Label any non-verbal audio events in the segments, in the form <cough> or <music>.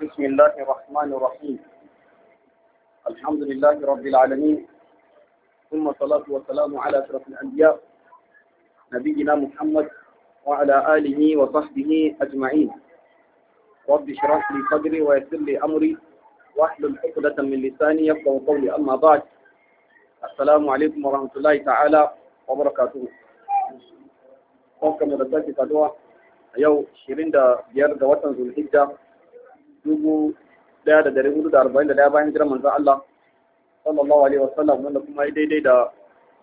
بسم الله الرحمن الرحيم الحمد لله رب العالمين ثم الصلاة والسلام على أشرف الأنبياء نبينا محمد وعلى آله وصحبه أجمعين رب اشرح لي صدري ويسر لي أمري واحلل عقدة من لساني يفقه قولي أما بعد السلام عليكم ورحمة الله تعالى وبركاته Welcome to the 35 a yau 25 ga ذو الحجة dubu ɗaya da dari hudu da arba'in da ɗaya bayan hijirar manzon Allah sallallahu alaihi wasallam wanda kuma yi daidai da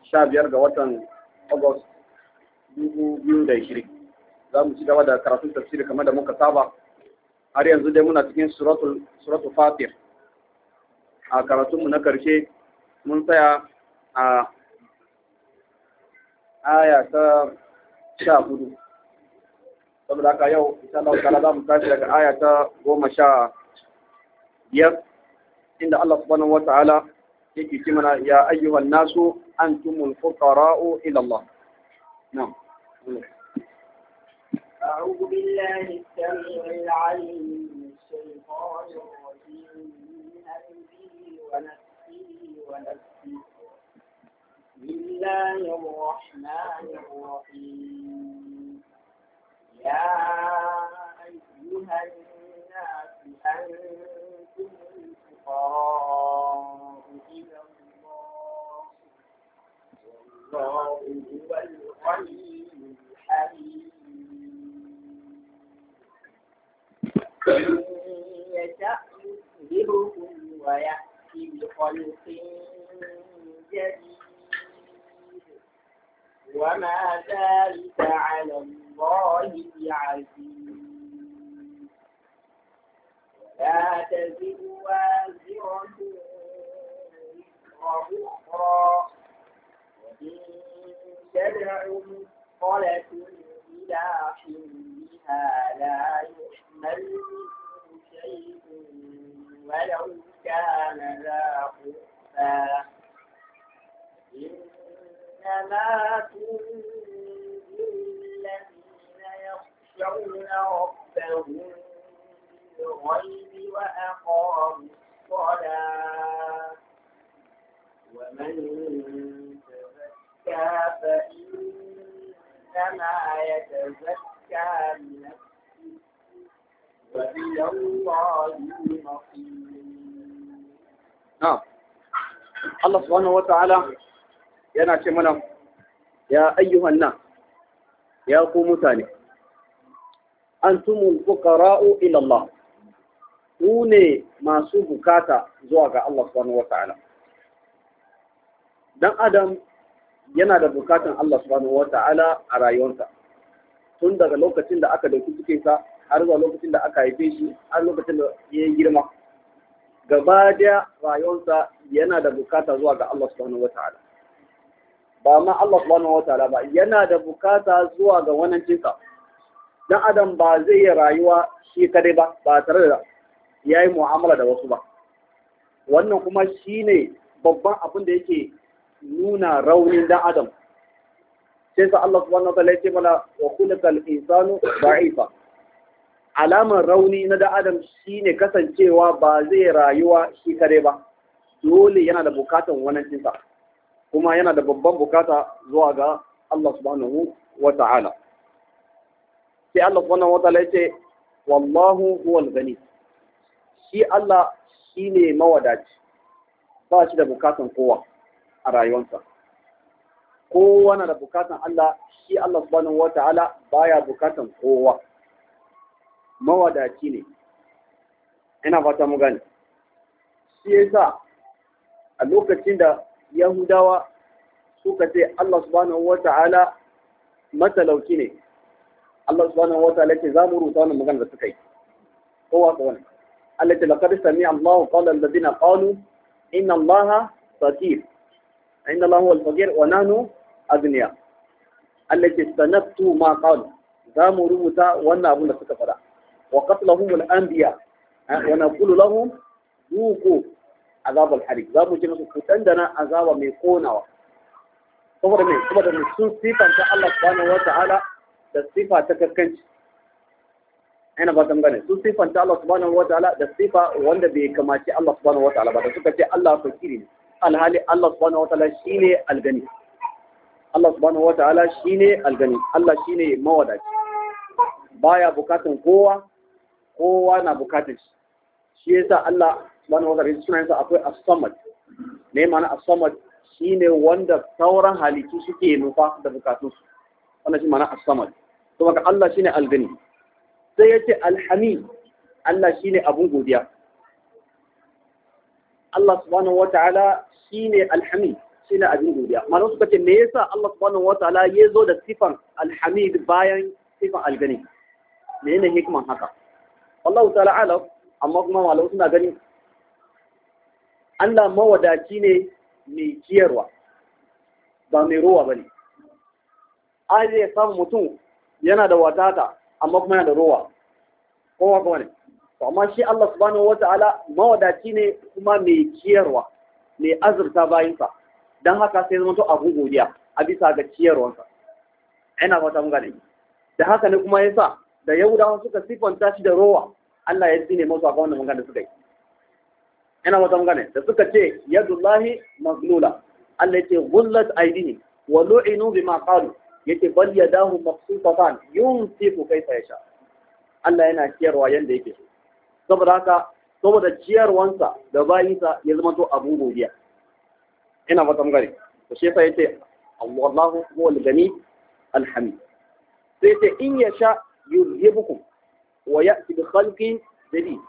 sha biyar ga watan August dubu biyu da ishirin za mu ci gaba da karatun tafsiri kamar da muka saba har yanzu dai muna cikin suratul suratul fatir a karatunmu na karshe mun tsaya a aya ta sha hudu saboda haka yau insha Allah ta'ala za mu tashi daga aya ta goma sha biyar inda Allah subhanahu wa ta'ala yake ce mana ya ayyuhan nasu antumul fuqara'u ila Allah na'am أعوذ بالله السميع العليم من الشيطان الرجيم من همزه ونفسه ونفسه بسم الله الرحمن الرحيم يا أيها الناس أنتم الفقراء إلى الله والله هو الغني الحميد إن يشأ يذهبكم ويأتي بخلق جديد وما subhanahu wa ta'ala yana ce mana ya ayyuhan nan, ya ku mutane an fuqara'u ila ilallah ku ne masu bukata zuwa ga Allah subhanahu wa ta'ala dan adam yana da bukatan Allah subhanahu wa ta'ala a rayuwarsa tun daga lokacin da aka dauki cikinsa har zuwa lokacin da aka haife shi har lokacin da ya girma gaba daya rayuwarsa yana da bukata zuwa ga Allah subhanahu wataala ba ma Allah subhanahu wataala ba yana da bukata zuwa ga wannan cinka. dan adam ba zai yi rayuwa shi kadai ba ba tare da yayi mu'amala da wasu ba wannan kuma shine babban abin da yake nuna raunin dan adam sai sa Allah subhanahu wataala ya ce mana wa khulqal insanu da'ifa alamar rauni na da adam shine kasancewa ba zai rayuwa shi kare ba dole yana da bukatan wannan cinta kuma yana da babban bukata zuwa ga Allah subhanahu wa ta'ala sai Allah subhanahu wa ta'ala yace wallahu huwal gani shi Allah shi ne mawadaci ba shi da bukatan kowa a rayuwarsa kowa na da bukatan Allah shi Allah subhanahu wa ta'ala baya bukatan kowa mawadaci ne ina fata mu gane shi yasa a lokacin da yahudawa suka ce Allah subhanahu wata'ala matalauki ne Allah subhanahu wata'ala ce za mu rubuta wannan magana da suka yi kowa ka wani. Allah ce laqad sami'a Allahu qala alladhina qalu inna Allaha fakir inna Allah huwa al-fakir wa nahnu aghniya Allah ce sanaktu ma qalu za mu rubuta wannan abin da suka faɗa وقتلهم الأنبياء ونقول لهم ذوقوا عذاب الحريق za mu musu ku dandana azaba mai konawa saboda me saboda sun sifanta Allah subhanahu wata'ala da sifa ta kakkanci ina ba gane sun sifanta Allah subhanahu wata'ala da sifa wanda bai kamaci Allah suka ce Allah fakiri ne alhali Allah subhanahu wata'ala shine algani Allah subhanahu wata'ala shine algani Allah shine mawadaci baya bukatan kowa kowa na bukatar shi shi yasa Allah subhanahu wa ta'ala sunan akwai as-samad ne ma'ana as-samad shine wanda sauran halittu suke nufa da bukatun su wannan shi ma'ana as-samad to maka Allah shine al-ghani sai yace al-hamid Allah shine abun godiya Allah subhanahu wa ta'ala shine al-hamid shine abin godiya malamu suka ce me yasa Allah subhanahu wa ta'ala ya zo da sifan al-hamid bayan sifan al-ghani menene hikman haka Allah ta'ala alam amma kuma malamai suna ganin Allah mawadaci ne mai ciyarwa ba mai ruwa ne. ai zai samun mutum yana da wadata amma kuma yana da ruwa kowa kowa ne to amma shi Allah subhanahu ta'ala mawadaci ne kuma mai ciyarwa mai azurta bayansa don haka sai zama to abun godiya a bisa ga ciyarwansa ina fata mun gane da haka ne kuma yasa da yahudawa suka sifanta shi da rowa Allah ya tsine masu akan wannan magana suka yi ina wata magana da suka ce yadullahi maglula Allah yace gullat aidini wa lu'inu bima qalu yace bal yadahu mabsutatan yunfiqu kayfa yasha Allah yana ciyarwa yanda yake so saboda haka saboda ciyarwansa da bayinsa ya zama to abu godiya ina wata magana to shi yasa yace Allahu huwal gani alhamid sai ce in yasha yuzhibukum wa ya'ti bi khalqin jadid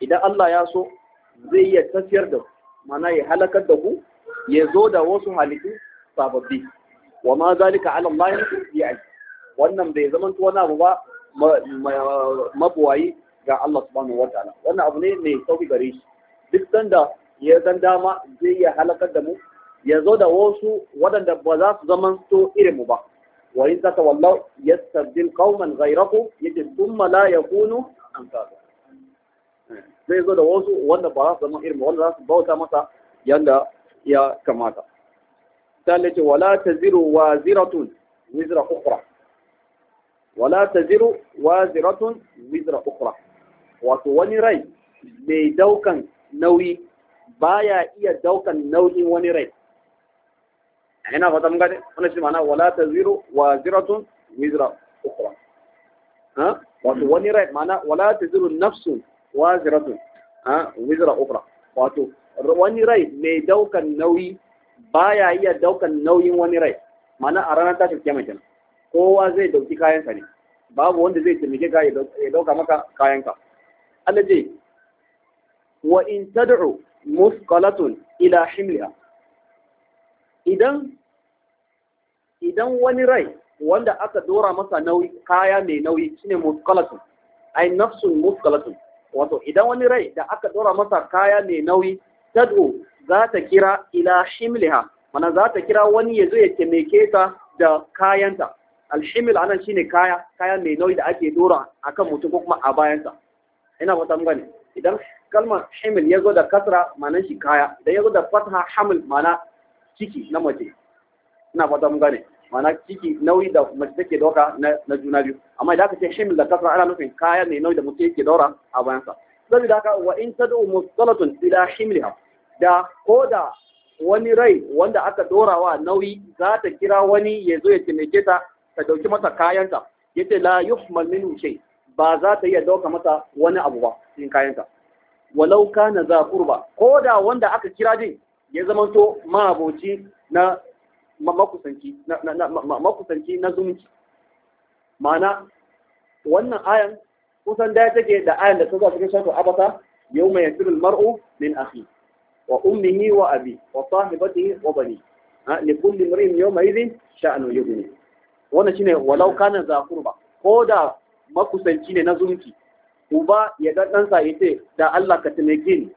idan Allah ya so zai iya tafiyar da ku mana ya halakar da ku ya zo da wasu halittu sababbi wa ma zalika ala Allah bi'ai wannan bai zama wani abu ba mabuwayi ga Allah subhanahu wa ta'ala wannan abu ne mai sauki gare shi duk sanda ya zan dama zai iya halakar da mu ya zo da wasu waɗanda ba za su zaman to irin mu ba wa in zaka wallahu yastabdil qauman ghayrakum yace thumma la yakunu amsalukum zai zo da wasu wanda ba za su zama irin wanda za su bauta masa yadda ya kamata ta lace wala taziru waziratun wizra ukhra wala taziru waziratun wizra ukura, wato wani rai mai daukan nauyi ba ya iya daukan nauyin wani rai yana fata mun gane wannan shi ma'ana wala taziru wa ziratun wizra ukhra ha wato wani right ma'ana wala taziru nafsun wa ziratun ha wizra ukhra wato wani rai mai daukan nauyi baya iya daukan nauyin wani rai ma'ana a ranar tashin kiyama kowa zai dauki kayansa ne babu wanda zai taimake ka ya dauka maka kayanka Allah je wa in tad'u musqalatun ila himliha idan idan wani rai wanda aka dora masa nauyi kaya mai nauyi shine musqalatun ai nafsun musqalatun wato idan wani rai da aka dora masa kaya mai nauyi tad'u za ta kira ila himliha mana za ta kira wani ya zo ya taimake ta da kayanta alhimil anan shine kaya kaya mai nauyi da ake dora akan mutum ko kuma a bayansa ina fata mun gane idan kalmar himil ya zo da kasra mana shi kaya idan ya zo da fatha hamil ma'ana ciki na mace ina fata mun gane ma'ana ciki nauyi da mace take dauka na juna biyu amma idan aka ce shimil da kasra ana nufin kaya ne nauyi da mace yake daura a bayansa saboda haka wa in tad'u musalatun ila shimliha da ko da wani rai wanda aka dorawa nauyi za ta kira wani ya zo ya taimake ta ta dauki masa kayanta yace la yuhmal minhu shay ba za ta iya dauka masa wani abu ba cikin kayanta walau kana za kurba ko da wanda aka kira din ya zamanto ma'aboci na makusanci na zumunci ma'ana wannan ayan kusan daya take da ayan da suka cikin shafi abata yau mai yasirin mar'u min ahi wa ummihi wa abi wa sahibatihi wa bani li kulli imrin yawma idhin sha'nu yughni wannan shine walau kana za kurba ko da makusanci ne na zumunci uba ya ga ɗansa ya ce da Allah ka taimake ni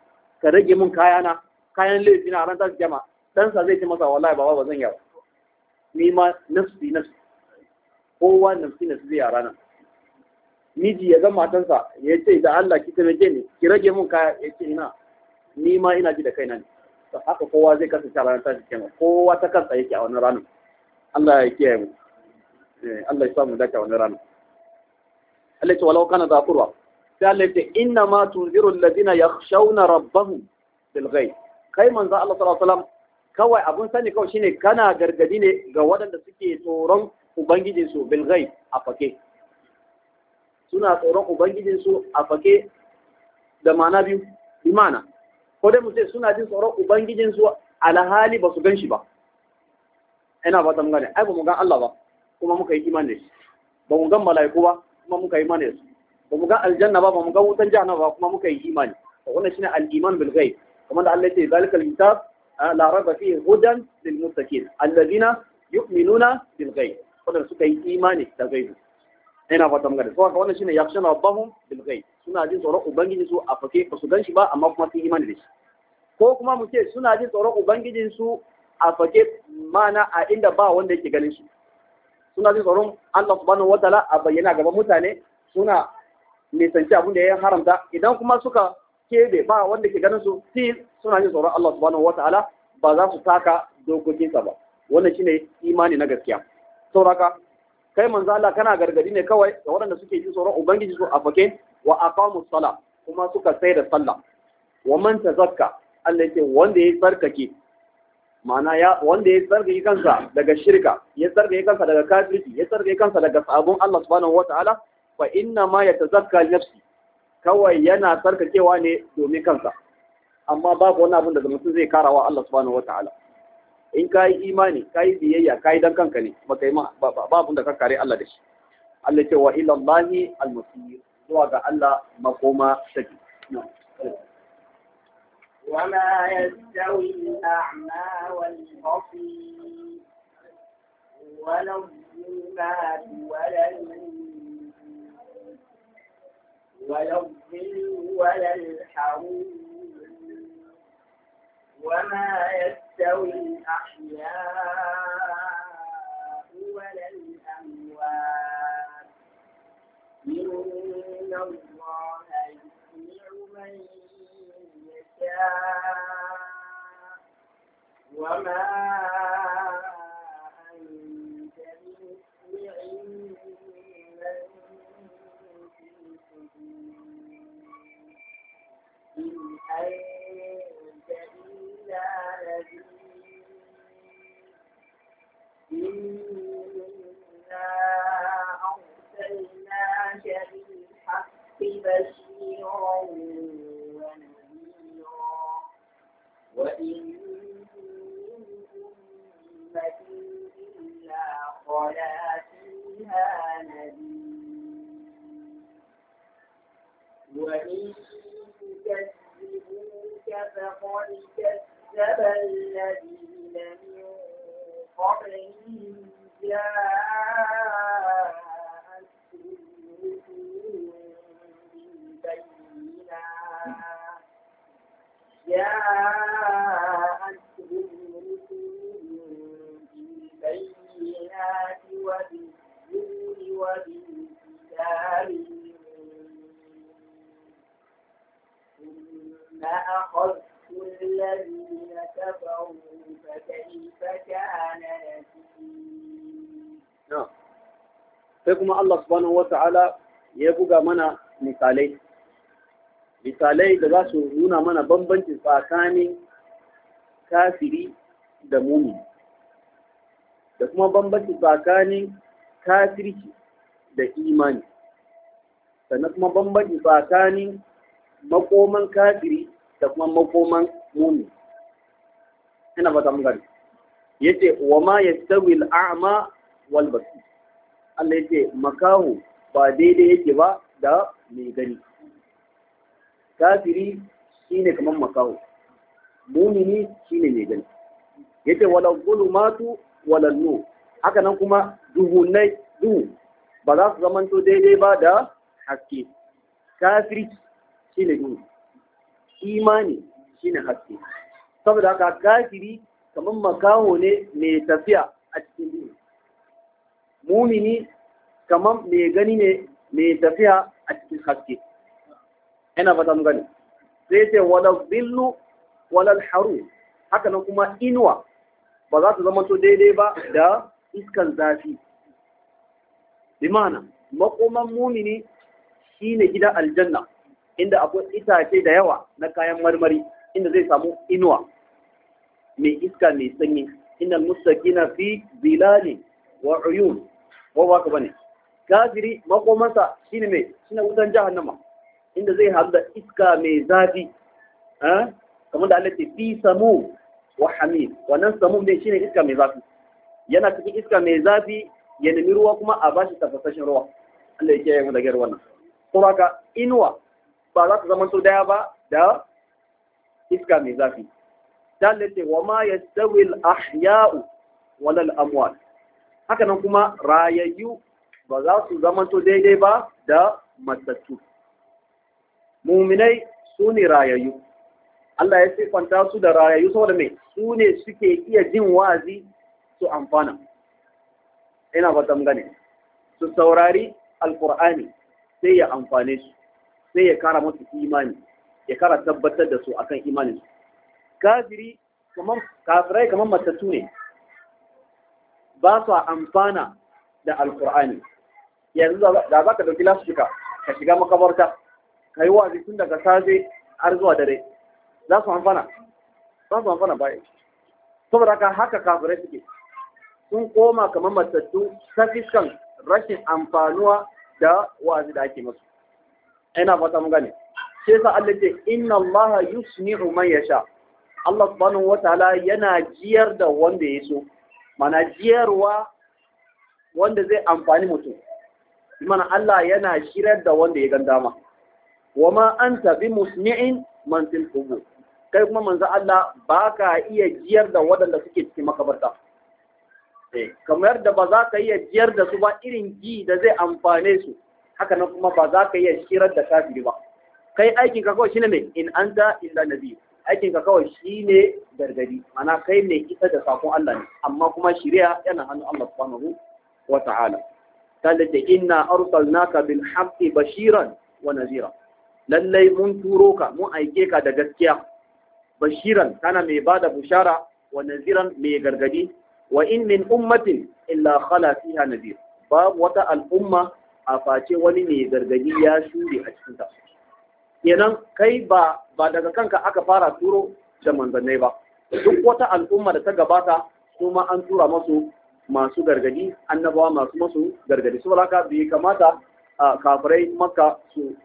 ka rage min kayana kayan laifi na ranar tashi kyama sa zai ce masa wallahi baba ba zan yawa ni ma nafsi nafsi kowa nafsi nafsi zai a ranar miji ya ga matansa ya ce da Allah ki taimake ne, ki rage mun kaya ya ce ina ni ma ina ji da kaina ne to haka kowa zai kasance a ranar tashi kyama kowa ta kansa yake a wani ranar Allah ya kiyaye mu eh, Allah ya samu da a wani ranar Allah ya ce walau kana zakurwa sai Allah ya ce inna ma tunziru alladhina yakhshawna rabbahum bil ghaib kai manzo Allah sallallahu alaihi wasallam kawai abun sani kawai shine kana gargadi ne ga waɗanda suke tsoron ubangijin su bil ghaib a fake suna tsoron ubangijin su a fake da mana biyu imana ko dai mu ce suna jin tsoron ubangijin su alhali ba su gan shi ba ina ba ta gane ai ba mu gan Allah ba kuma muka yi imani shi ba mu gan mala'iku ba kuma muka yi imani su ba mu gan aljanna ba ba mu gan wutan jahannama ba kuma muka yi imani wannan shine al-iman bil ghaib kamar da Allah ya ce zalikal kitab la raiba fihi hudan lil muttaqin alladhina yu'minuna bil ghaib wanda suka yi imani da gaibi ina fata magana so haka wannan shine yakshana rabbahum bil ghaib suna jin tsoron ubangiji su a fake ba su ganshi ba amma kuma sun imani da shi ko kuma mu ce suna jin tsoron ubangijin su a fake mana a inda ba wanda yake ganin shi suna jin tsoron Allah subhanahu wataala a bayyana gaban mutane suna nisanci abin da ya haramta idan kuma suka kebe ba wanda ke ganin su til suna yin tsoron Allah subhanahu wataala ba za su taka dokokinsa ba wannan shine imani na gaskiya sauraka kai manzo Allah kana gargadi ne kawai ga waɗanda suke yin tsoron ubangiji su a fake wa aqamu sala kuma suka sai da sallah wa man tazakka Allah yake wanda ya tsarkake ma'ana ya wanda ya tsarkake kansa daga shirka ya tsarkake kansa daga kafirci ya tsarkake kansa daga sabon Allah subhanahu wataala fa inna ma yatazakka nafsi kawai yana tsarkakewa ne domin kansa amma babu wani abin da mutum zai karawa Allah subhanahu wataala in ka yi imani ka yi biyayya ka yi dan kanka ne ba yi babu da ka kare Allah da shi Allah ce wa ila Allahi al-masir zuwa ga Allah makoma take وما يستوي الأعمى والبصير ولا الظلمات ولا النور ولا الظل ولا الحرور وما يستوي الأحياء ولا الأموات إن الله يسمع من يشاء وما أن تبيلا نبيلا buga mana misalai misalai da za su nuna mana bambanci tsakanin kafiri da mumi da kuma bambanci tsakanin kafirci da imani sannan kuma bambanci tsakanin makoman kafiri da kuma makoman mumi ina ba ta mugari ya ce wa ma ya tsawi al'ama wal basir Allah ya ce makaho ba daidai yake ba da mai gani kafiri shine kamar makaho mumini shine mai gani yace wala matu wala nu, haka nan kuma duhunai duhu ba za su to daidai ba da haske kafiri shine duhu imani shine haske saboda haka kafiri kamar makaho ne mai tafiya a cikin duhu mumini kamar mai gani ne mai tafiya a cikin haske ina fata mun gani sai ce wala zillu wala haru haka nan kuma inuwa ba za su zama to daidai ba da iskan zafi bi ma'ana makoman mumini shine gidan aljanna inda akwai itace da yawa na kayan marmari inda zai samu inuwa mai iska mai sanyi inda mustaqina fi zilalin wa uyun ko ba ka bane Gafiri makomansa shine mai shine wutan jahannama inda zai haɗu da iska mai zafi kamar da Allah ce fi samu wa hamid wannan samu ne shine iska mai zafi yana cikin iska mai zafi ya nemi ruwa kuma a bashi tafasashin ruwa Allah ya kiyaye mu daga wannan kuma haka inuwa ba za ta zama to daya ba da iska mai zafi dalilin wa ma yastawi al-ahya'u wal amwat haka nan kuma rayayyu ba za su zamanto daidai ba da matattu muminai su ne rayayyu Allah ya sifanta su da rayayyu saboda mai su ne suke iya jin wa'azi su amfana ina ba gane su saurari alkur'ani sai ya amfane su sai ya kara musu imani ya kara tabbatar da su akan imanin su kafiri kamar kafirai kamar matattu ne ba su amfana da alkur'ani yanzu da za ka ɗauki lasfika ka shiga makabarta ka yi wa'azi tun daga safe har zuwa dare za su amfana za su amfana bayan saboda haka haka kafirai suke sun koma kamar matattu ta fiskan rashin amfanuwa da wa'azi da ake masu ina fata mun gane sai sa Allah ce inna Allah umar man yasha Allah subhanahu wataala yana jiyar da wanda ya so mana jiyarwa wanda zai amfani mutum mana Allah yana shirar da wanda ya ganda ma wa ma anta bi musmi'in man fil kai kuma manzo Allah ba ka iya jiyar da waɗanda suke cikin makabarta eh, kamar da ba za ka iya jiyar da su ba irin ji da zai amfane su haka nan kuma ba za ka iya shirar da kafiri ba kai aikin ka kawai shine mai in anta illa nabi aikin ka kawai shine gargadi mana kai mai kisa da sakon Allah ne amma kuma shari'a yana hannu Allah subhanahu wa ta'ala ta da inna naka bin haqqi bashiran wa nazira lallai mun turo ka mun aike ka da gaskiya bashiran kana mai bada bushara wa naziran mai gargadi wa in min ummatin illa khala fiha nazir babu wata al'umma a face wani mai gargadi ya shure a cikinta. ta kenan kai ba ba daga kanka aka fara turo da manzannai ba duk wata al'umma da ta gabata kuma an tura masu masu gargadi annabawa masu masu gargadi su walaka bai kamata kafirai maka su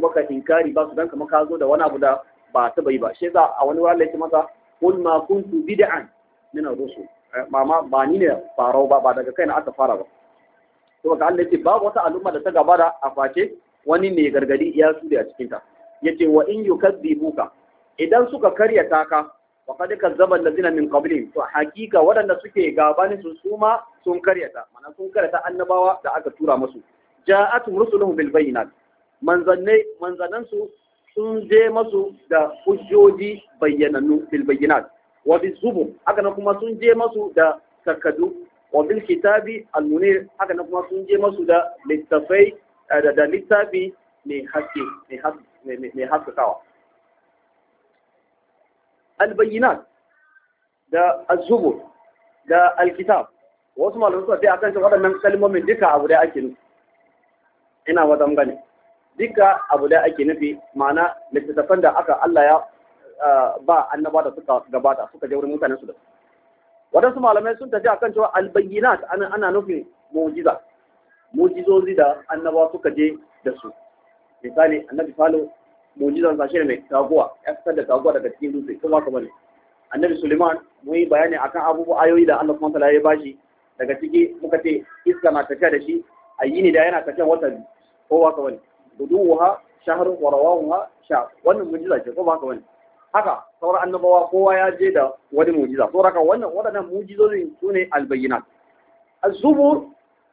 maka inkari ba su dan kamar ka zo da wani abu da ba ta bai ba shi za a wani wani yake masa kun ma tu bid'an nuna rusu. Eh, mama ba ni ne farau ba ba daga kaina aka fara ba saboda Allah yace babu wata al'umma da ta gabara a face wani ne gargadi ya su da a cikin ta yace wa in yukazzibuka idan suka karyata ka wa qad kazzaba zina min qablihim to hakika waɗanda suke gabanin sun suma sun karyata mana sun karyata annabawa da aka tura musu ja'atuhum tun bil bayyinat manzanne manzanan su sun je masu da hujjoji bayyanannu bil bayyinat wa bil haka nan kuma sun je masu da takaddu wa bil kitabi al munir haka nan kuma sun je masu da littafai da littafi mai haske mai haskakawa albayyinat da Azubu, da alkitab wasu malamai suka ce akan shi waɗannan kalmomin duka abu da ake nufi ina wata gane duka abu da ake nufi ma'ana littattafan da aka Allah ya ba annaba da suka gabata suka je wurin mutanen su da waɗansu malamai sun tafi akan cewa albayyinat ana nufin mu'jiza mu'jizozi da annaba suka je da su misali annabi falo mu'jizan sa shi mai taguwa ya fitar da taguwa daga cikin dutse kuma kamar bane annabi suleiman mun yi bayani akan abubu ayoyi da Allah kuma wataala ya bashi daga ciki muka ce iska na tafiya da shi a yi ni da yana tafiya wata biyu ko ba bane ne guduwuha shahar wa rawahunha sha wannan mu'jiza ce ko ba bane haka sauran annabawa kowa ya je da wani mu'jiza saboda haka wannan waɗannan mu'jizozin su ne albayyinat az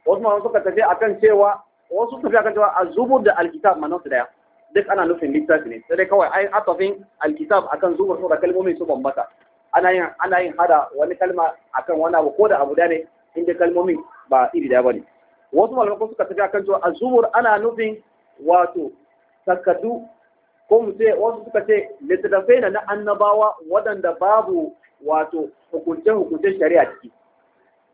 wasu ma suka tafi akan cewa wasu tafi akan cewa az da alkitab kitab manan su daya duk ana nufin littafi ne sai dai kawai ai atafin alkitab akan zuwa sura kalmomin su bambata ana yin ana yin hada wani kalma akan wani abu ko da abu da ne inda kalmomin ba iri da bane wasu malamai suka tafi akan cewa azumur ana nufin wato takaddu ko mu ce wasu suka ce littafai na annabawa waɗanda babu wato hukunce-hukunce shari'a ciki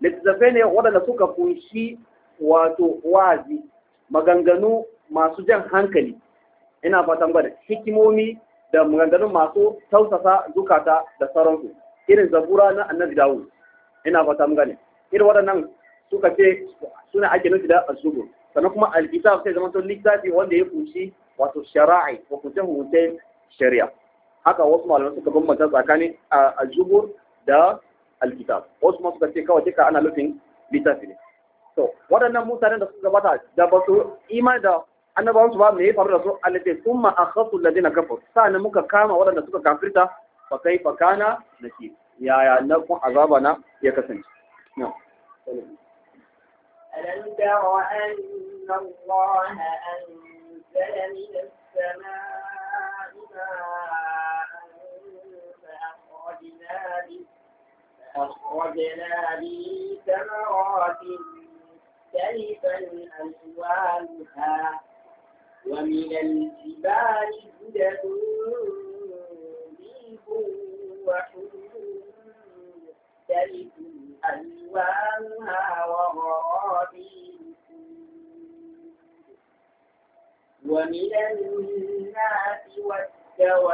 littafai ne waɗanda suka kunshi wato wazi maganganu masu jan hankali ina fatan gwada hikimomi da maganganun masu tausasa zukata da sauransu irin zabura na annabi dawud ina fatan gane irin waɗannan suka ce suna ake nufi da azubur sannan kuma alkitab sai zama to littafi wanda ya kunshi wato shara'i ko kunshi hukunce shari'a haka wasu malamai suka bambanta tsakanin azubur da alkitab wasu ma suka ce kawai duka ana nufin littafi ne to waɗannan mutanen da suka gabata da ba su imani da annabawan su ba me ya faru da su allati thumma akhasu alladhina kafaru sa'an muka kama waɗanda suka kafirta fa kaifa kana naki yaya na kun azaba na ya kasance na'am ألم تر أن الله أنزل من السماء ماء فأخرجنا به فأخرجنا به ثمرات مختلفا ألوانها ومن الجبال جدد ريب وحور مختلف ألوانها وغرابي ومن الناس والدواب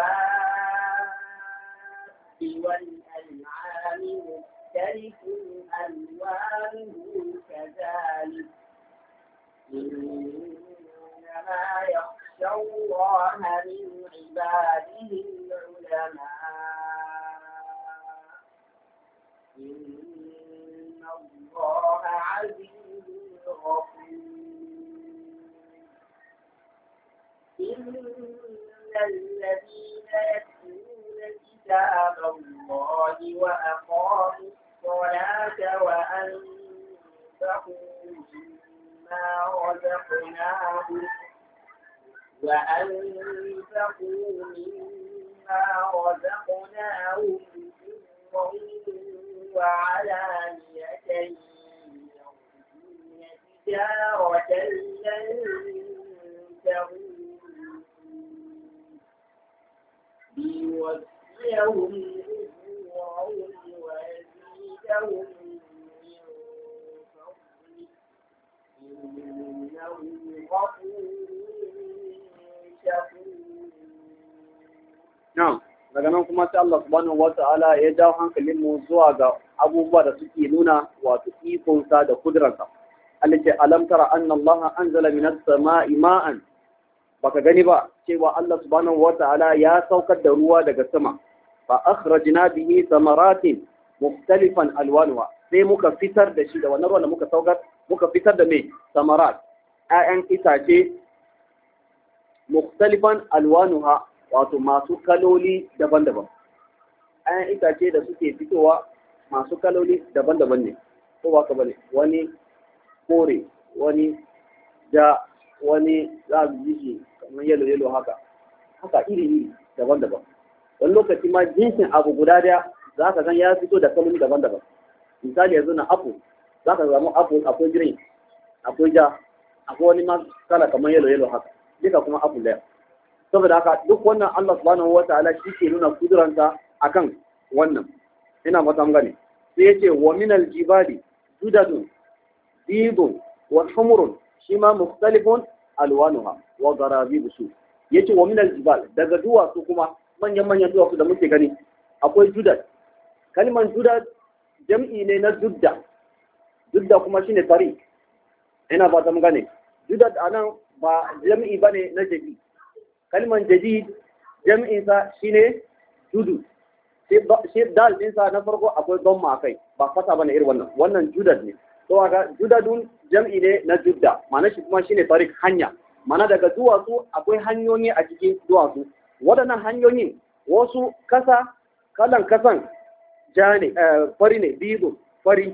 والأنعام مختلف ألوانه كذلك إنما يخشى الله من عباده العلماء إن الله عزيز غفور إن الذين يتلون كتاب الله وأقاموا الصلاة وأنفقوا مما رزقناهم وأنفقوا مما رزقناهم سرا وعلانية تجارة لن تغول ليوفيهم أجورهم ويزيدهم من فضله إنه غفور na'am daga nan kuma sai Allah subhanahu wata'ala ya jawo hankalin mu zuwa ga abubuwa da suke nuna wato ikonsa da kudurarsa Allah ce alam tara anna Allah anzala minas sama'i ma'an baka gani ba cewa Allah subhanahu wata'ala ya saukar da ruwa daga sama Ba fa akhrajna bihi samaratin muktalifan alwanuwa, sai muka fitar da shi da wannan ruwan da muka saukar muka fitar da mai samarat Ya'yan itace muktalifan alwanuwa. wato masu kaloli daban-daban ayan itace da suke fitowa masu kaloli daban-daban ne ko ba ka bane wani kore wani ja wani za su shi kamar yalo yalo haka haka iri iri daban-daban wani lokaci ma jinsin abu guda daya za ka gan ya fito da kaloli daban-daban misali yanzu na apple za ka zama apple akwai green akwai ja akwai wani ma kala kamar yalo yalo haka duka kuma apple daya saboda haka duk wannan Allah subhanahu wa ta'ala shi ke nuna kuduransa akan wannan ina fata mun gane sai yace wa min al-jibali judadun bidun wa humurun shi ma mukhtalifun alwanuha wa garabi su yace wa min al-jibal daga duwatsu kuma manyan manyan duwatsu da muke gani akwai judad kalmar judad jam'i ne na judda judda kuma shine tari. ina fata mun gane judad anan ba jam'i bane na jabi kalman jadid jam'insa shine judu shi dal na farko akwai don a kai ba fata bane irin wannan wannan judad ne to aka judadun jam'i ne na judda ma'ana shi kuma shine tariq hanya Mana daga duwatsu akwai hanyoyi a cikin duwatsu waɗannan hanyoyin wasu kasa kalan kasan ja ne eh, fari ne fari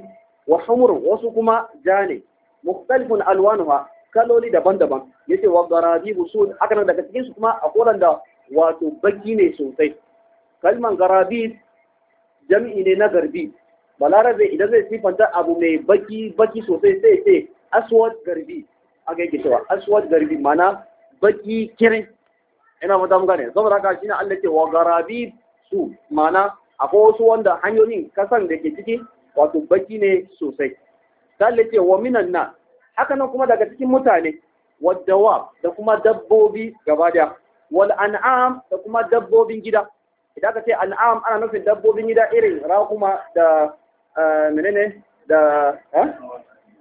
wa hamurun wasu kuma ja ne mukhtalifun alwanuha kaloli daban-daban yace wa garabibu sun aka nan daga cikin su kuma koran da wato baki ne sosai kalman garabi jam'i ne na garbi balarabe idan zai sifanta abu mai baki baki sosai sai ce aswad garbi A ga yake cewa aswad garbi mana baki kirin ina mata mun gane saboda haka shine Allah ke wa garabi su mana akwai wasu wanda hanyoyin kasan da ke ciki wato baki ne sosai sai wa minan na haka nan kuma daga cikin mutane waddawa da kuma dabbobi gaba daya wal an'am da kuma dabbobin gida idan ka ce an'am ana nufin dabbobin gida irin raƙuma da eh, menene da eh?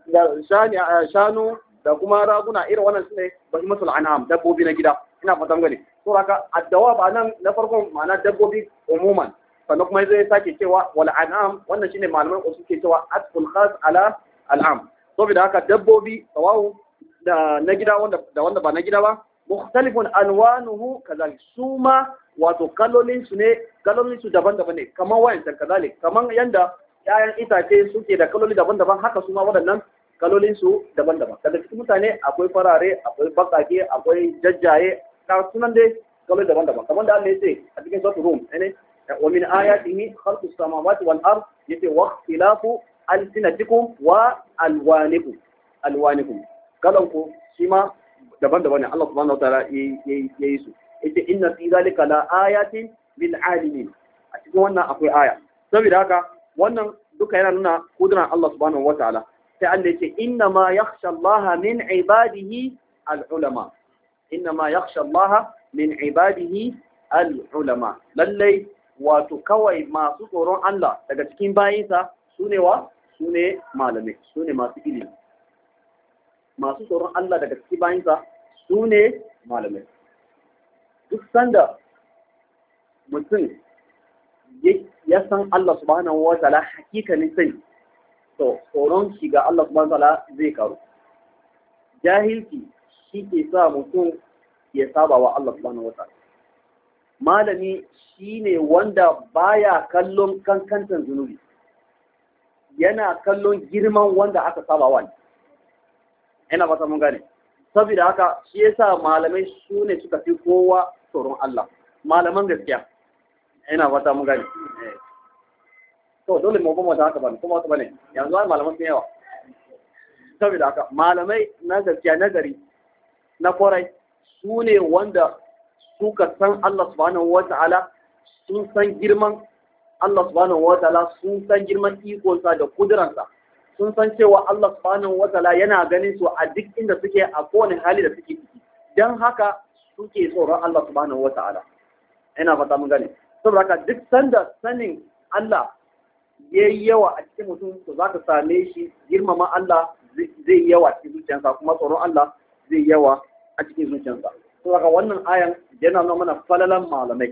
da eh, shanu da kuma raguna irin wannan su ne bahimatul an'am dabbobi na gida ina fatan gani so haka addawa ba nan na farkon ma'ana dabbobi umuman sannan kuma zai sake cewa wal an'am wannan shine malaman o ke cewa asful khas ala al'am saboda haka dabbobi tsawahu da na gida wanda da wanda ba na gida ba mukhtalifun alwanuhu kazalik su ma wato kalolin su ne kalolin su daban-daban ne kamar wayancan kazalik kamar yanda ƴaƴan itace suke da kaloli daban-daban haka su ma waɗannan kalolin su daban-daban daga cikin mutane akwai farare akwai bakake akwai jajjaye ka sunan dai kaloli daban-daban kamar da Allah ya ce a cikin surah rum eh ne wa min ayatihi khalqus samawati wal ard yace wa alsinatikum wa alwanikum alwanikum kalan ku shi ma daban-daban ne Allah subhanahu wataala ya yi su ita inna fi zalika la ayatin lil alimin a cikin wannan akwai aya saboda haka wannan duka yana nuna kudurar Allah subhanahu wataala sai Allah ya ce inna ma yakhsha Allah min ibadihi al ulama inna ma yakhsha Allah min ibadihi al ulama lallai wato kawai masu tsoron Allah daga cikin bayinsa sune wa su ne malamai su ne masu ilimi masu tsoron Allah daga ciki bayansa su ne malamai duk sanda mutum ya san Allah subhanahu wa ta'ala hakikanin sai to tsoron shi ga Allah subhanahu wa ta'ala zai karu jahilci shi ke sa mutum ya saba wa Allah subhanahu wa ta'ala malami shine wanda baya kallon kankantan zunubi yana kallon girman wanda aka saba wani ina ta mun gane saboda haka shi yasa malamai su ne suka fi kowa tsoron Allah malaman gaskiya ina ta mun gane to dole mu goma da haka bane kuma haka bane yanzu ai malaman sun yawa saboda haka malamai na gaskiya nagari na kwarai su ne wanda suka san Allah subhanahu wata'ala sun san girman Allah subhanahu wa ta'ala sun san girman ikonsa da kuduransa sun san cewa Allah subhanahu wa ta'ala yana ganin su a duk inda suke a kowane hali da suke ciki dan haka suke tsoron Allah subhanahu wa ta'ala ina fata mun gane saboda haka duk sanda sanin Allah yayi yawa a cikin mutum to zaka same shi girmama Allah zai yawa a cikin zuciyarsa kuma tsoron Allah zai yawa a cikin zuciyarsa saboda wannan ayan yana nuna mana falalan malamai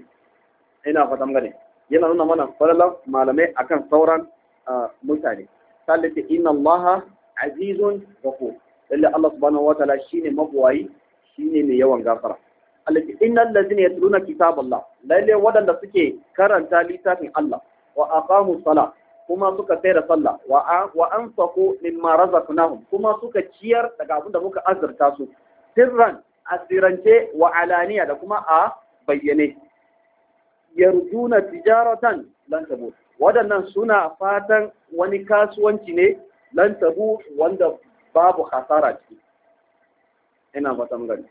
ina fata mun gane yana nuna mana falalan malamai akan sauran mutane sallata inna Allah azizun ghafur lalle Allah subhanahu wa ta'ala shine mabwayi shine mai yawan gafara allati innal ladzina yatluna kitaballah lalle wadanda suke karanta littafin Allah wa aqamu Sala. kuma suka tsaya sallah wa wa anfaqu mimma razaqnahum kuma suka ciyar daga abin da muka azurta su sirran asirance wa alaniya da kuma a bayyane yarjuna tijaratan lan tabu waɗannan suna fatan wani kasuwanci ne lan tabu wanda babu hasara ciki ina fatan gani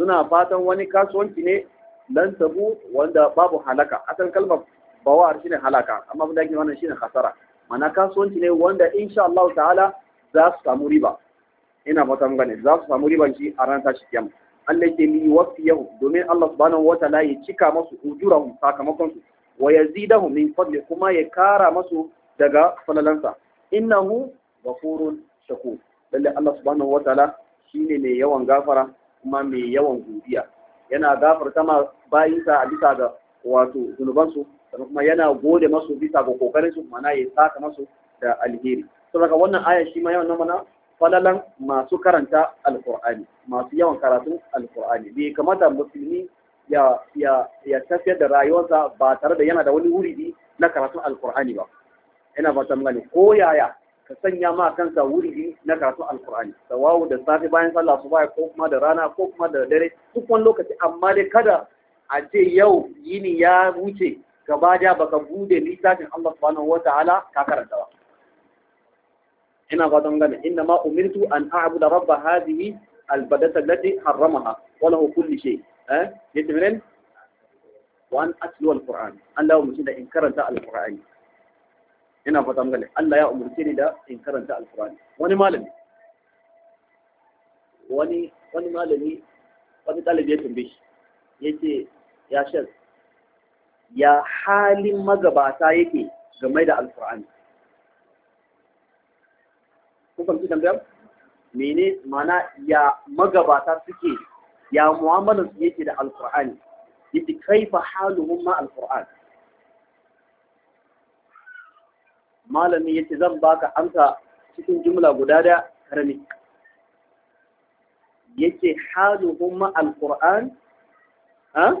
suna fatan wani kasuwanci ne lan tabu wanda babu halaka akan kalmar bawar shine halaka amma mun dake wannan shine hasara mana kasuwanci ne wanda insha Allah ta'ala za su samu riba ina fatan gani za su samu riban shi a ran tashi kiyama Allah ke li domin Allah subhanahu wa ta'ala ya cika masu ujurahum sakamakon su wa yazidahum min fadli kuma ya kara masu daga falalansa innahu ghafurun shaku. lalle Allah subhanahu wa ta'ala shine mai yawan gafara kuma mai yawan godiya yana gafarta ma bayinsa a bisa ga wato zunubansu sannan kuma yana gode masu bisa ga kokarin su mana ya saka masu da alheri saboda wannan aya shi ma yawan nan falalan masu karanta alkur'ani masu yawan karatun alkur'ani bai kamata musulmi ya ya da rayuwarsa ba tare da yana da wani wuri na karatun alkur'ani ba ina ba gane ko yaya ka sanya ma kansa wuri na karatun alkur'ani sawawu da safe bayan sallah su baya ko kuma da rana ko kuma da dare duk wani lokaci amma dai kada a ce yau yini ya wuce gaba da baka bude littafin Allah subhanahu wataala ka karanta ba ina fatan gane inna ma umirtu an a'budu rabba hadhihi albadata allati harramaha wa lahu kulli shay eh ta menen wa an atlu alquran Allah ya umurce da in karanta alqurani ina fatan gane Allah ya umurce ni da in karanta alqurani wani malami wani wani malami wani ɗalibi ya tambaye shi yace ya shek ya halin magabata yake game da alqurani Kukan fahimci tambayar mene mana ya magabata suke ya mu'amalar su yake da alqur'ani yake kaifa haluhum ma al alqur'an malami ya ce zan baka amsa cikin jumla guda da karami yake haluhum ma Al-ƙur'an? alqur'an ha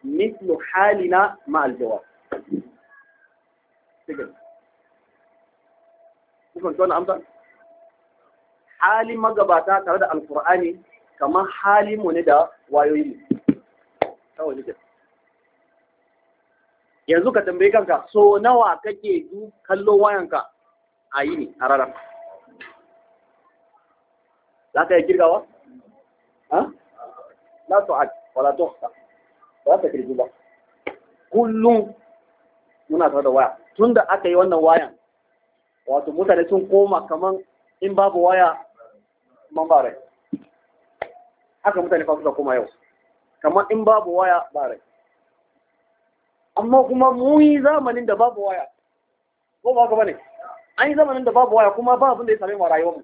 مثل ma مع الجواب Kukan كيف na amsa? halin magabata tare da alkur'ani kamar halin mu ne da wayoyin mu yanzu ka tambayi kanka so nawa kake kallo wayanka a yi ne a rarar za ka yi girgawa? ha? la tu'ad wala tuhsa ba ta kirgi ba kullum muna tare da waya tunda aka yi wannan wayan wato mutane sun koma kaman in babu waya man ba rai haka mutane fa suka koma yau kamar in babu waya ba rai amma kuma mu zamanin da babu waya ko ba ka bane an yi zamanin da babu waya kuma ba abin da ya same mu rayuwar mu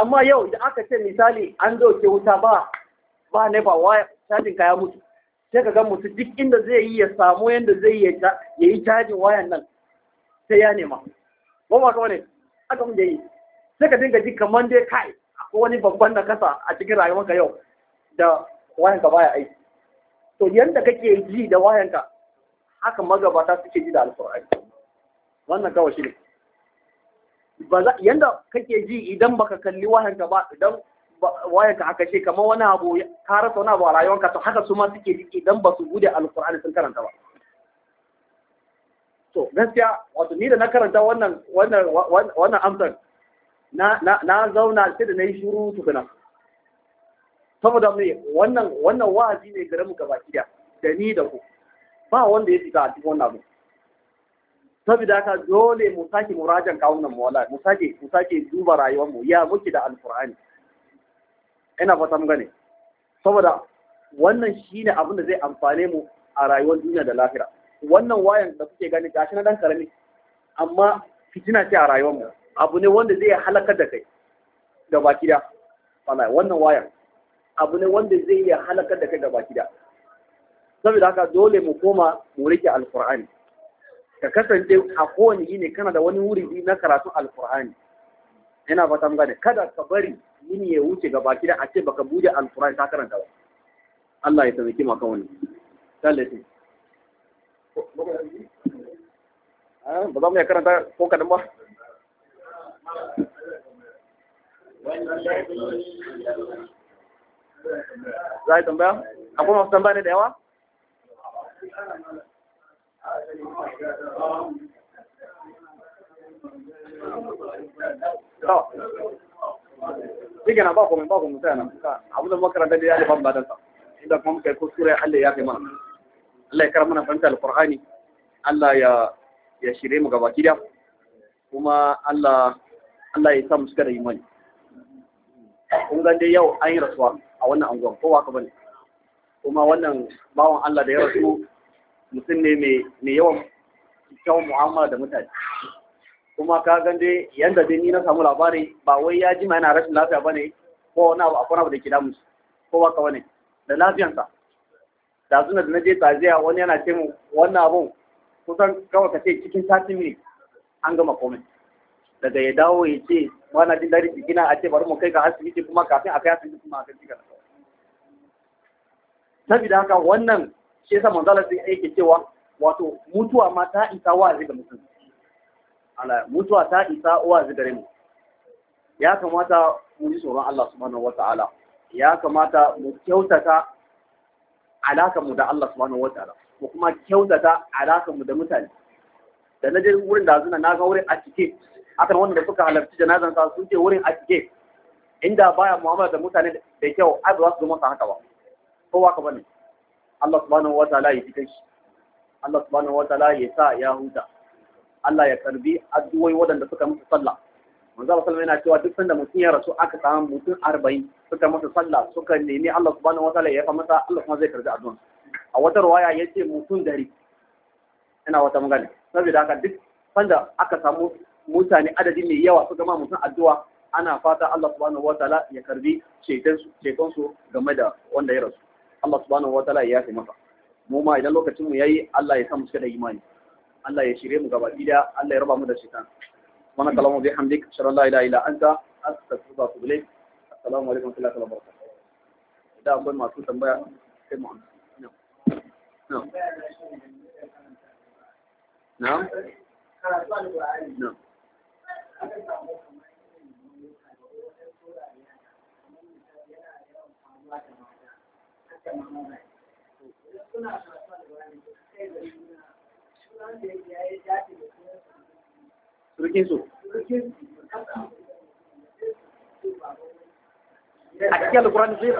amma yau da aka ce misali an dauke wuta ba ba ne ba waya cajin ka ya mutu sai ka ga mutu duk inda zai yi ya samu yanda zai yi ya yi cajin wayan nan sai ya nema ba ma kawai ne aka mun da yi sai ka dinga ji kamar dai kai akwai wani babban na kasa a cikin rayuwarka yau da wayanka baya aiki to yanda kake ji da wayanka haka magabata suke ji da alƙur'ani wannan kawai shi ne yanda kake ji idan baka kalli wayanka ba idan ka aka ce kamar wani abu ka rasa wani abu a ka, to haka su ma suke ji idan ba su bude alƙur'ani sun karanta ba to gaskiya wato ni da na karanta wannan wannan wannan amsar na zauna sai da na yi shuru tukuna saboda mai wannan wannan wa'azi ne gare mu gaba baki da ni da ku ba wanda ya fita a cikin wannan abu saboda haka dole mu sake murajan kawunan mu mawala, mu sake mu sake duba rayuwar mu ya muke da alqur'ani ina fata mun gane saboda wannan shine abin da zai amfane mu a rayuwar duniya da lahira wannan wayan da kuke gani gashi na dan karami amma fitina ce a rayuwar mu abu ne wanda zai halakar da kai da baki da wannan wayar abu ne wanda zai iya halakar da kai da baki da saboda haka dole mu koma mu rike alqur'ani ka kasance a kowane yini kana da wani wuri na karatu alqur'ani ina fata mun gane kada ka bari yini ya wuce ga baki da a ce baka buje alqur'ani ka karanta ba Allah ya tabbaki maka wani sallati ba za mu ya karanta ko kadan ba za a tambaya akwai masu tambaya ne da yawa shi kenan ba komai ba komai mutane nan abu da makaranta da ya alifan ban badansa inda kuma muka yi kuskure Allah ya fi mana Allah ya karama na fahimta alqur'ani Allah ya ya shirye mu gaba kuma Allah Allah ya sa mu suka da imani kun ga dai yau an yi rasuwa a wannan anguwan ko ba ne? bane kuma wannan bawan Allah da ya rasu mutum ne mai yawan kyawun mu'amala da mutane kuma ka gan dai yanda dai ni na samu labari ba wai ya jima yana rashin lafiya bane ko wani abu akwai abu da ke damu ko ba ka bane da lafiyansa da suna da na je tsaziya wani yana ce mu wannan abun kusan kawai ka ce cikin sati ne an gama komai daga ya dawo ya ce wana jin daɗin jikina a ce bari mu kai ga asibiti kuma kafin a kai asibiti kuma a kai jikar saboda haka wannan shi yasa manzala sai yake cewa wato mutuwa ma ta isa wa ga mutum ala mutuwa ta isa wa zai gare mu ya kamata mu ji tsoron Allah subhanahu ta'ala. ya kamata mu kyautata alaka mu da Allah subhanahu ta'ala. mu kuma kyautata alaka mu da mutane da na je wurin da zuna na ga wurin a cike akan wanda suka halarci janazan sa sun ce wurin a cike inda baya mu'amala da mutane da kyau ai ba za su zo masa haka ba kowa waka bane Allah subhanahu wa ta'ala ya fita shi Allah subhanahu wa ta'ala ya sa ya huta Allah ya karbi addu'o'i waɗanda suka musu sallah manzo Allah sallallahu yana cewa duk sanda mutum ya rasu aka samu mutum 40 suka masa sallah suka nemi Allah subhanahu wa ta'ala ya fa masa Allah kuma zai karbi addu'an a wata ruwaya yace mutum dari ina wata magana saboda haka duk sanda aka samu mutane adadi mai yawa suka gama mutum addu'a ana fata Allah subhanahu Ta'ala ya karbi ceton su game da wanda ya rasu Allah subhanahu Ta'ala ya yafe masa mu ma idan lokacin mu yayi Allah ya sa mu cika da imani Allah ya shirye mu gaba ɗaya Allah ya raba mu da shaitan wannan kalamu bi hamdik shalla la ilaha illa anta astaghfiruka wa atubu ilayk assalamu alaikum wa rahmatullahi wa barakatuh da akwai masu tambaya sai mu amsa na'am na'am na'am Surkin su. A cikin alkurani zai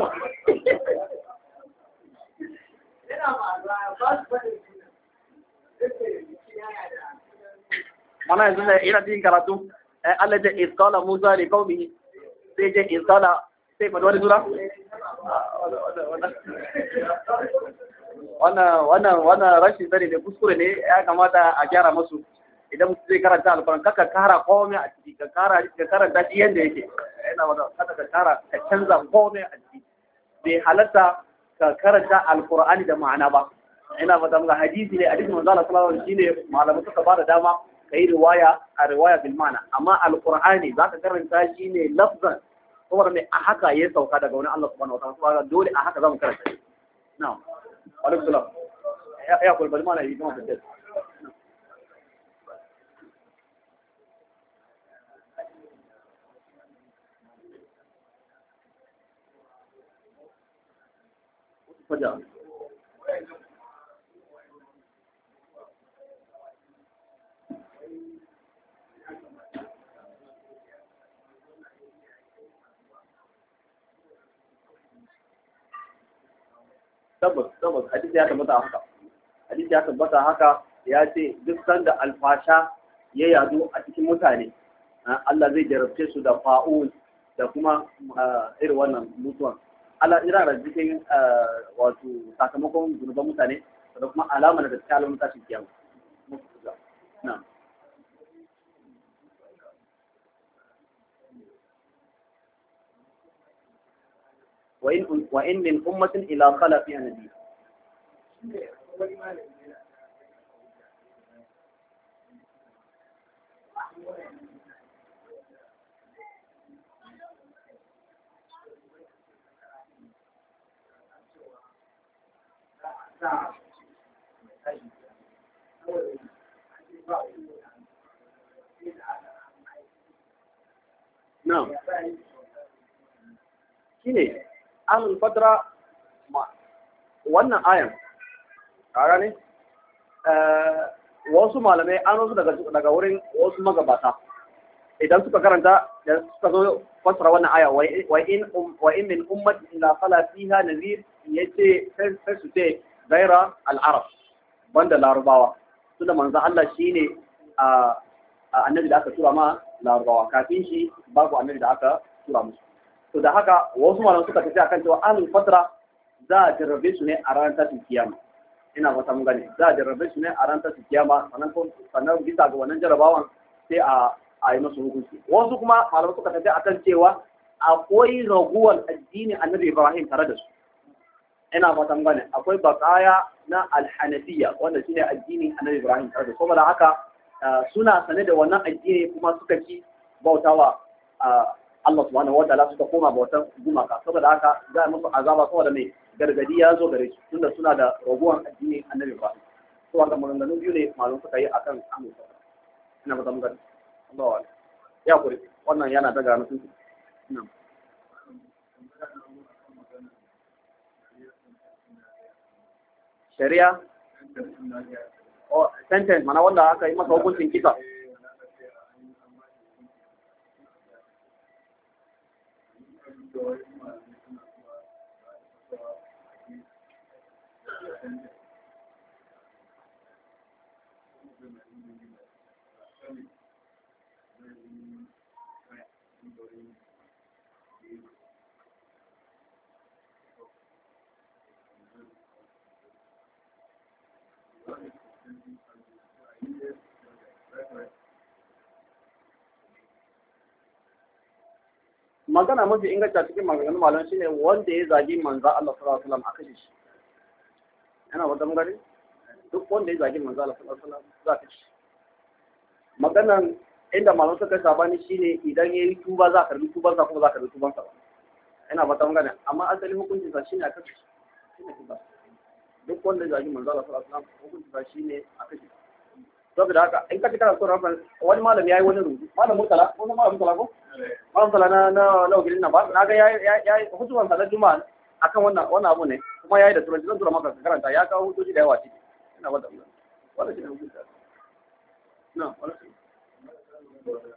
yanzu da ina jin karatu. Eh, Allah da iskala Musa ne mi sai je iskala sai faɗi wani sura? Wannan rashin sani ne kuskure ne ya kamata a gyara masu idan musu zai karanta alfaran kaka kara kome a ciki ka karanta shi yadda yake yana wata kata ka kara ka canza kome a ciki bai halatta ka karanta alkur'ani da ma'ana ba ina wata hadisi ne hadisi manzo Allah sallallahu shi ne malamu suka ba da dama kai riwaya a riwaya bil ma'ana amma alqur'ani zaka karanta shi ne lafzan kuma ne a haka ya sauka daga wani Allah subhanahu wa ta'ala dole a haka zamu karanta shi na'am wa alaikum ya kul bil ma'ana idan ka tsaya Wajen. tabbas tabbas hadisi ya tabbata haka hadisi ya tabbata haka ya ce duk sanda alfasha ya yadu a cikin mutane Allah zai jarabce su da fa'ul da kuma irin wannan mutuwan Allah ira da cikin wato sakamakon zunuban mutane da kuma alamar da ta alamun tashin kiyama na'am وإن, وإن من أمة إلى خلا فيها نبي نعم شنو ahlul ma wannan ayan ka ne. Eh, wasu malamai an wasu daga wurin wasu magabata idan suka karanta da suka zo fasara wannan aya wa in um, min ummati illa qala fiha nazir yace sai su ce gaira arab banda larubawa tunda manzo Allah shine a ah, annabi da aka tura ma larabawa, kafin shi babu annabi da aka tura musu to da haka wasu malam suka tafi akan cewa ahlul fatra za a jarrabe su ne a ranar tashin kiyama ina fata mun gane za a jarrabe su ne a ranar tashin kiyama sannan sannan bisa ga wannan jarrabawan sai a a yi musu hukunci wasu kuma malam suka tafi akan cewa akwai raguwar addini annabi Ibrahim tare da su ina fata mun gane akwai bakaya na alhanafiya wanda shine addini annabi Ibrahim tare da su saboda haka eh, suna sane da wannan addini kuma suka ki bautawa ah, Allah subhanahu wataala suka koma bautan gumaka saboda haka za a musu azaba saboda mai gargadi ya zo gare su tunda suna da raguwan addini annabi ba to haka maganganu biyu ne malum suka yi akan amsa ina ba zan gani Allah wa ya kuri wannan yana daga mutunci na'am shari'a oh, sentence mana wanda aka yi masa hukuncin kisa magana mafi inganta cikin maganganun malam shine wanda ya zagi manzo Allah sallallahu alaihi wasallam aka kashe shi yana wata magana duk wanda ya zagi manzo Allah sallallahu alaihi wasallam za ka ci maganan inda malam suka sabani shine idan yayi tuba za ka rubuta tuban sa kuma za ka rubuta tuban sa yana wata magana amma asali hukuncin sa shine a kashe shi duk wanda ya zagi manzo Allah sallallahu alaihi wasallam hukuncin sa shine a kashe saboda haka in ka kira son reference wani malam yayi wani rubutu malam murtala ko malam murtala ko malam murtala na na na wakilin nan ba na ga yayi yayi hutuban sa na juma'a akan wannan wannan abu ne kuma yayi da turanci zan tura maka karanta ya kawo hutoji da yawa ciki ina ba wannan wannan shi ne hukunta na wannan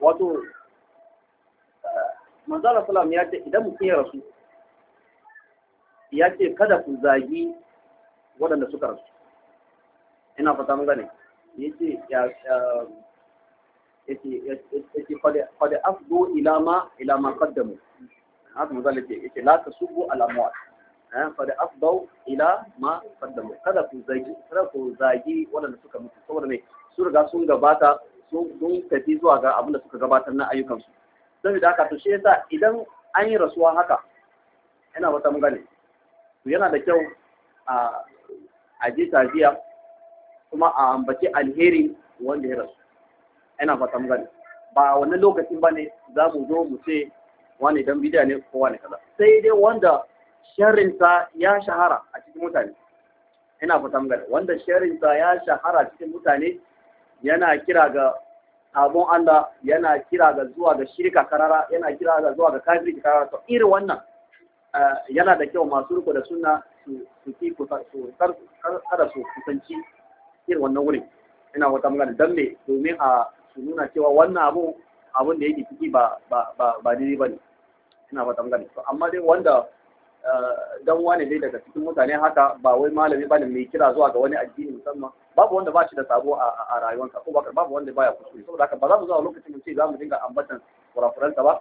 wato eh, manzara salam ya ce idan mutum ya rasu ya ce kada ku zagi waɗanda suka rasu ina fata mun gane ya ce yake fada afdo ilama ilama kaddamu haka mazal yake yake la ta subu alamuwa eh, fada afdo ila ma kaddamu kada ku zagi kada ku zagi waɗanda suka mutu saboda mai sun riga sun gabata sun tafi zuwa ga abin suka gabatar na ayyukansu da haka to shi yasa idan an yi rasuwa haka yana wata mun to yana da kyau a a je taziya kuma a ambaci alheri wanda ya rasu ina fata mun gani ba wani lokacin ba ne za mu zo mu ce wani dan bidiya ne ko wani kaza sai dai wanda sharrinsa ya shahara a cikin mutane ina fata mun gani wanda sharrinsa ya shahara a cikin mutane yana kira ga abun Allah yana kira ga zuwa ga shirka karara yana kira ga zuwa ga kafirci karara to irin wannan eh, yana da kyau masu riko da sunna su su ki ku su kada su kusanci irin wannan wurin ina wata magana dan me domin a su nuna cewa wannan abu abun da yake ciki ba ba ba ba daidai ina ba tangane to amma dai wanda eh, dan wane dai daga cikin mutane haka ba wai malami ne mai kira zuwa ga wani addini musamman babu wanda ba shi da sabo a rayuwarsa ko babu wanda baya kuskure saboda haka ba za mu zuwa lokacin mu ce za mu dinga ambatan kurakuranta ba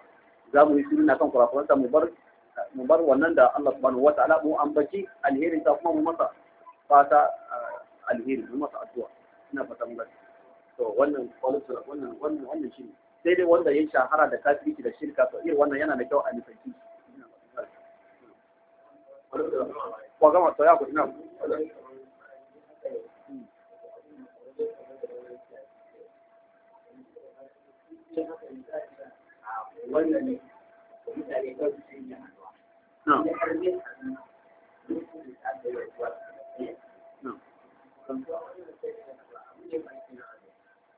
za mu yi shirin akan kurakuranta mu bar mu bar wannan da Allah subhanahu wataala mu ambaci alheri ta kuma mu masa fata eh, alheri mu masa addu'a ina fata gani to wannan wannan wannan wannan shi sai dai wanda ya shahara da kafirci da shirka to irin wannan yana da kyau a nufanci gama to ya ku ina wannan mutane su yi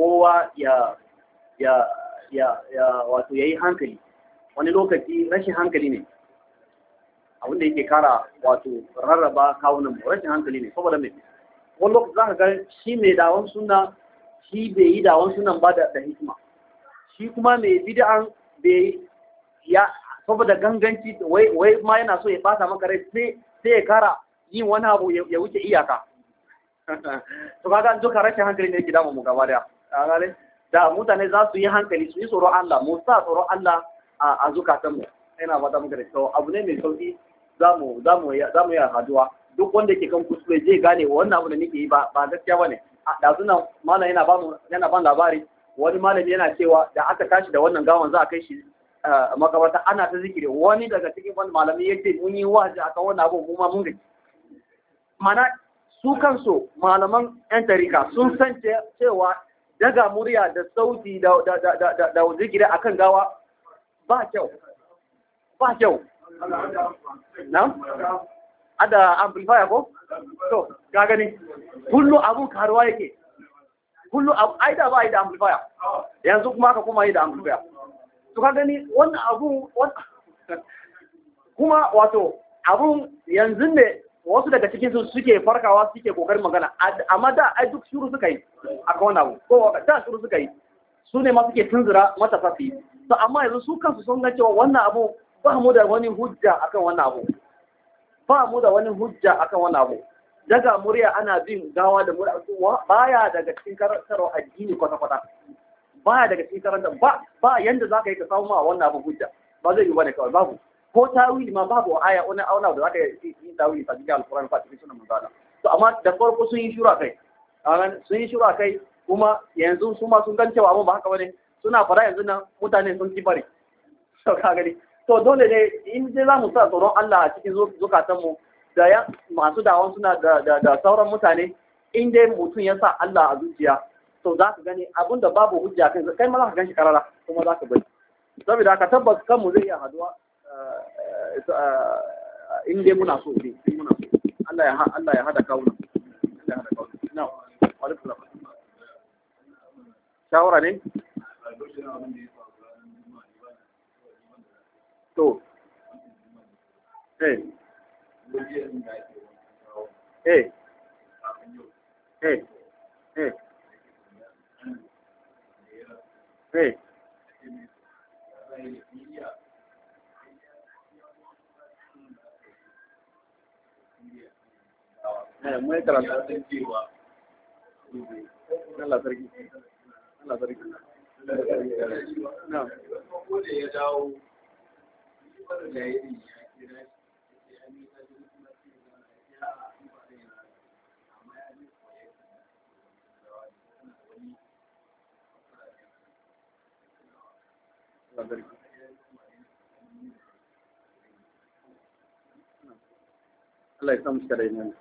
kowa ya ya ya ya wato yayi hankali wani lokaci rashin hankali ne abin da yake kara wato rarraba kawunan mu rashin hankali ne saboda me wani lokaci zaka ga shi mai dawon sunna shi bai yi dawon sunan ba da hikima shi kuma mai bid'an bai ya saboda ganganci wai wai ma yana so ya fasa maka rai sai ya kara yin wani abu ya wuce iyaka <laughs> to kaga duka rashin hankali ne ke damu mu gaba daya da mutane za su yi hankali su yi tsoro Allah mu sa Allah a zukatanmu ina fata muka da kyau abu ne mai sauki za mu yi haduwa duk wanda ke kan kuskure zai gane wannan abu da nake yi ba gaskiya bane da suna malam yana yana ban labari wani malami yana cewa da aka tashi da wannan gawan za a kai shi eh, makabarta ana ta zikiri wani daga cikin wani malami ya ce mun yi a akan wannan abu kuma mun gaji mana su kansu malaman yan tarika sun san cewa daga murya da sauti da zikiri a akan gawa ba kyau ba kyau na? ada amplifier ko? to ga gani kullu abun karuwa yake kullu abu aida ba a yi da amplifier yanzu kuma aka kuma yi da amplifier to ka gani wannan abun kuma wato abun yanzu ne wasu daga cikin su suke farkawa suke kokarin magana amma da ai duk shuru suka yi a kawai abu ko da shuru suka yi su ne ma suke tunzura mata su to amma yanzu su kansu sun ga cewa wannan abu ba mu da wani hujja akan wannan abu ba mu da wani hujja akan wannan abu daga murya ana bin gawa da murya baya daga cikin karantarwa addini kwata kwata baya daga cikin karantar ba ba yanda zaka yi ka samu ma wannan abu hujja ba zai yi bane kawai babu ko tawili ma babu aya wani auna da zaka yi tawili ta cikin alkurani fa cikin sunan manzo to amma da farko sun yi shura kai sun yi shura kai kuma yanzu su ma sun gan cewa abun ba haka bane suna fara yanzu nan mutane sun ci bari to ka gani to dole ne in dai za mu sa tsoron Allah a cikin zukatan mu da ya masu dawon suna da da da sauran mutane in dai mutum ya sa Allah a zuciya to za ka gani abun da babu hujja kai kai ma za ka gan shi karara kuma za ka bari saboda ka tabbata kanmu zai iya haduwa Eh, eh, eh, in dai muna so ne in muna so Allah ya Allah ya hada kauna Allah ya hada kauna na wa alaikum shawara ne to eh eh eh eh eh Eh, mun yi karatu a Allah ya samu shi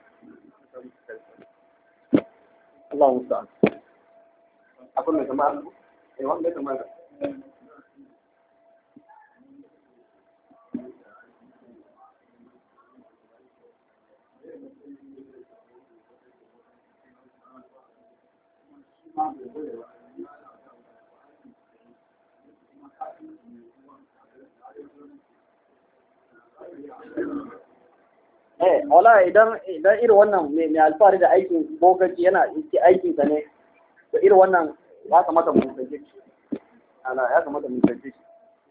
Allah musa akwai mai kama eh wanda ya Thank you. eh wala idan idan irin wannan mai alfahari da aikin bokaci yana aikin sa ne da irin wannan ya kamata mu kaje shi ya kamata mu kaje shi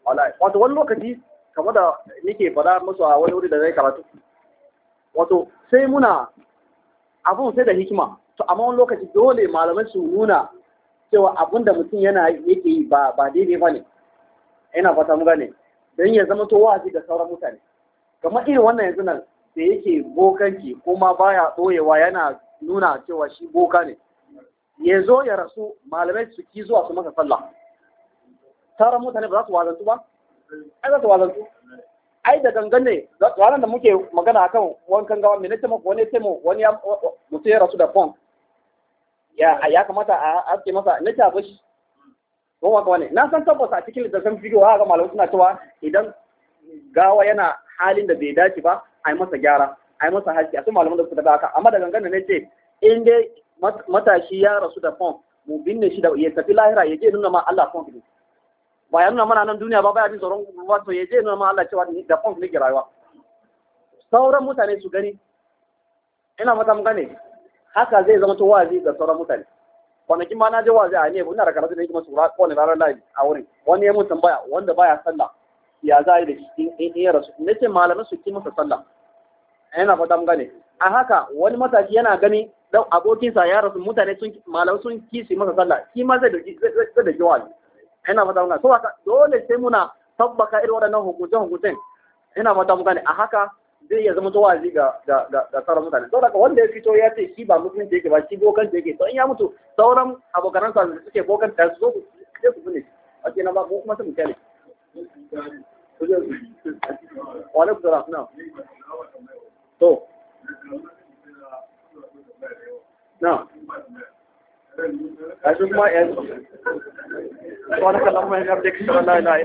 wala wato wani lokaci kamar da nake fara musu a wani wuri da zai karatu wato sai muna abun sai da hikima to amma wani lokaci dole malamai su nuna cewa abun da mutum yana yake yi ba ba daidai ba ne ina fata mu gane don ya zama to wa'azi da sauran mutane kamar irin wannan yanzu nan da yake bokanki kuma baya ɓoyewa yana nuna cewa shi boka ne ya zo ya rasu malamai su ki zuwa su masa sallah tara mutane ba za su wazantu ba ai za su wazantu ai da gangan ne ranar da muke magana akan wankan gawa mai na taimako wani taimako wani ya mutu ya rasu da fon ya kamata a aske masa na tafi bashi ko waka wani na san tabbata a cikin littattafan bidiyo haka malamai suna cewa idan gawa yana halin da bai dace ba a yi masa gyara a yi masa haske a su malaman da suka daga haka amma da gangan ne ce in dai matashi ya rasu da fon mu binne shi da ya tafi lahira ya je nuna ma Allah fon ne ba ya nuna mana nan duniya ba baya jin tsoron wato ya je nuna ma Allah cewa da fon ne ke rayuwa sauran mutane su gani ina mata mun gane haka zai zama to wazi ga sauran mutane kwanakin ma na je wazi a ne ina da karatu da yake masu kowane ranar lahadi a wurin wani ya mun tambaya wanda baya sallah ya za a yi da shi in ya rasu ne ce malamin su ki masa sallah yana fata mun gane a haka wani mataki yana gani dan abokinsa ya rasu mutane sun malamu sun kisi masa sallah shi ma zai da da jawali ina fata mun gane so haka dole sai muna tabbaka irin waɗannan hukuncen hukuncen ina fata mun gane a haka zai iya zama tawazi ga ga ga ga sauran mutane to daga wanda ya fito ya ce shi ba musulunci yake ba shi bokan yake to in ya mutu sauran abokan sa da suke bokan da su zo ku je ku fune a ce na ba kuma sai mu wa alaikum salam na'am to na a shi kuma yanzu wani kalamai na da na